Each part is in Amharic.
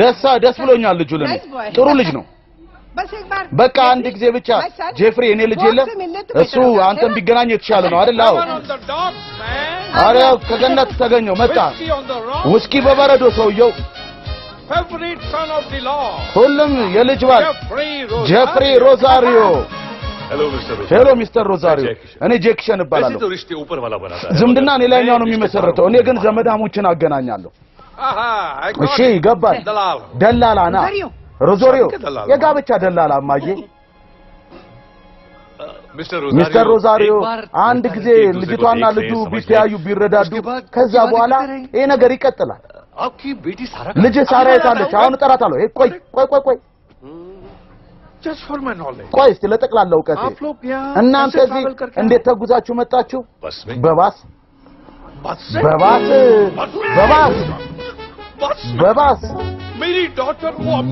ደሳ ደስ ብሎኛል። ልጁ ለኔ ጥሩ ልጅ ነው። በቃ አንድ ጊዜ ብቻ ጄፍሪ፣ እኔ ልጅ የለም እሱ አንተን ቢገናኝ የተሻለ ነው አይደል? አዎ። አረ ከገነት ተገኘው መጣ ውስኪ በበረዶ ሰውየው ሁሉም የልጅ ባል ጀፍሪ ሮዛሪዮ ሄሎ ሚስተር ሮዛሪዮ፣ እኔ ጄክሽን እባላለሁ። ዝምድና እኔ ላይኛው ነው የሚመሰረተው፣ እኔ ግን ዘመዳሞችን አገናኛለሁ። እሺ ይገባል። ደላላ ና ሮዛሪዮ፣ የጋብቻ ደላላ እማዬ። ሚስተር ሮዛሪዮ፣ አንድ ጊዜ ልጅቷና ልጁ ቢተያዩ ቢረዳዱ፣ ከዛ በኋላ ይሄ ነገር ይቀጥላል። ልጅ ሳራ የታለች? አሁን እጠራታለሁ። ቆይ ቆይ ቆይ ቆይ ቆይ እስቲ ለጠቅላላ እውቀቴ እናንተ እዚህ እንዴት ተጉዛችሁ መጣችሁ? በባስ በባስ በባስ በባስ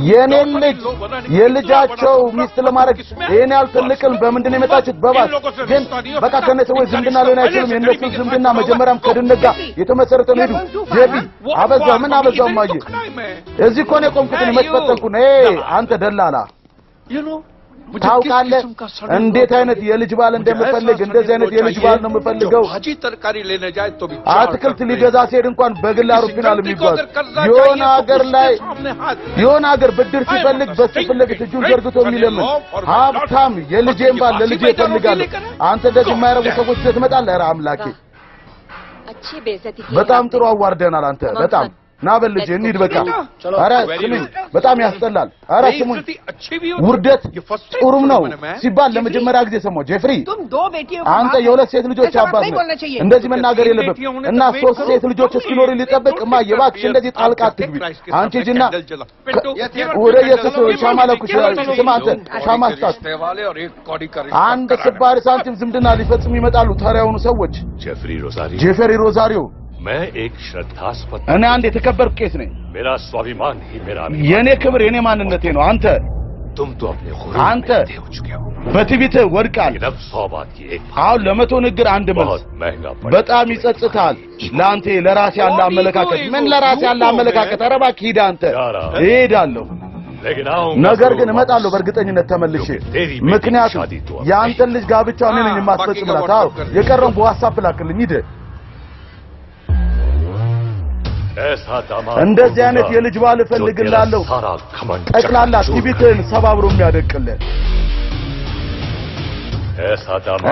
የኔ ልጅ የልጃቸው ሚስት ለማድረግ ይህን ያህል ትልቅን በምንድን ነው የመጣችሁት? በባል ግን በቃ ከነ ሰዎች ዝምድና ሊሆን አይችልም። የእነሱ ዝምድና መጀመሪያም ከድነት ጋር የተመሰረተ ነው። ሄዱ ጄቢ አበዛ ምን አበዛው ማየ እዚህ እኮ ነው የቆምኩት። መጥፈጠንኩ ነው አንተ ደላላ ታውቃለህ እንዴት አይነት የልጅ ባል እንደምፈልግ። እንደዚህ አይነት የልጅ ባል ነው የምፈልገው። አትክልት ሊገዛ ሲሄድ እንኳን በግል አውሮፕላን የሚባል የሆነ ሀገር ላይ የሆነ ሀገር ብድር ሲፈልግ በሱ ፊት እጁን ዘርግቶ የሚለምን ሀብታም የልጄን ባል ለልጄ እፈልጋለሁ። አንተ ደግ የማይረቡ ሰዎች ትመጣለህ። ኧረ አምላኬ፣ በጣም ጥሩ አዋርደናል። አንተ በጣም ና በልጅ ልጄ እንሂድ። በቃ አረ ስሙኝ፣ በጣም ያስጠላል። አረ ስሙኝ፣ ውርደት ጥሩም ነው ሲባል ለመጀመሪያ ጊዜ ሰማሁ። ጄፍሪ፣ አንተ የሁለት ሴት ልጆች አባት ነው፣ እንደዚህ መናገር የለብህም። እና ሶስት ሴት ልጆች እስኪኖሩ ሊጠበቅ ማ የባክሽ እንደዚህ ጣልቃ አትግቢ። አንቺ ጅና ወደ ኢየሱስ ሻማ ለኩሽ። ስማ አንተ ሻማ ስጣት። አንድ ስባሪ ሳንቲም ዝምድና ሊፈጽም ይመጣሉ ተራ የሆኑ ሰዎች። ጄፍሪ ሮዛሪዮ मैं एक श्रद्धास्पद እኔ አንድ የተከበርኩ ቄስ ነኝ። मेरा स्वाभिमान ही मेरा अभिमान ክብር የእኔ ማንነቴ ነው። አንተ तुम तो अपने गुरु አንተ हो चुके हो ወድቃል። सौ बात की एक አሁን ለመቶ ንግር አንድ መልስ बहुत महंगा በጣም ይጸጽታል። ለአንተ ለራሴ ያለ አመለካከት ምን ለራሴ ያለ አመለካከት ኧረ እባክህ ሂድ አንተ እሄዳለሁ። ነገር ግን እመጣለሁ በእርግጠኝነት ተመልሼ። ምክንያቱም የአንተን ልጅ ጋብቻ እኔ ነኝ የማስፈጽምላት። አዎ የቀረውን በዋትስአፕ ላክልኝ ሂድ እንደዚህ አይነት የልጅ ባል እፈልግላለሁ። ጠቅላላ ትዕቢትህን ሰባብሮ የሚያደቅልህ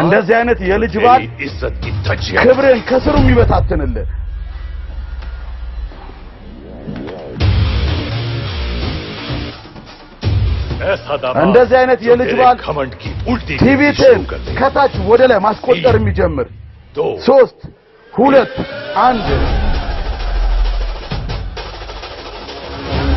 እንደዚህ አይነት የልጅ ባል ክብርን ከስሩ የሚበታትንልህ እንደዚህ አይነት የልጅ ባል ትዕቢትን ከታች ወደ ላይ ማስቆጠር የሚጀምር ሶስት ሁለት አንድ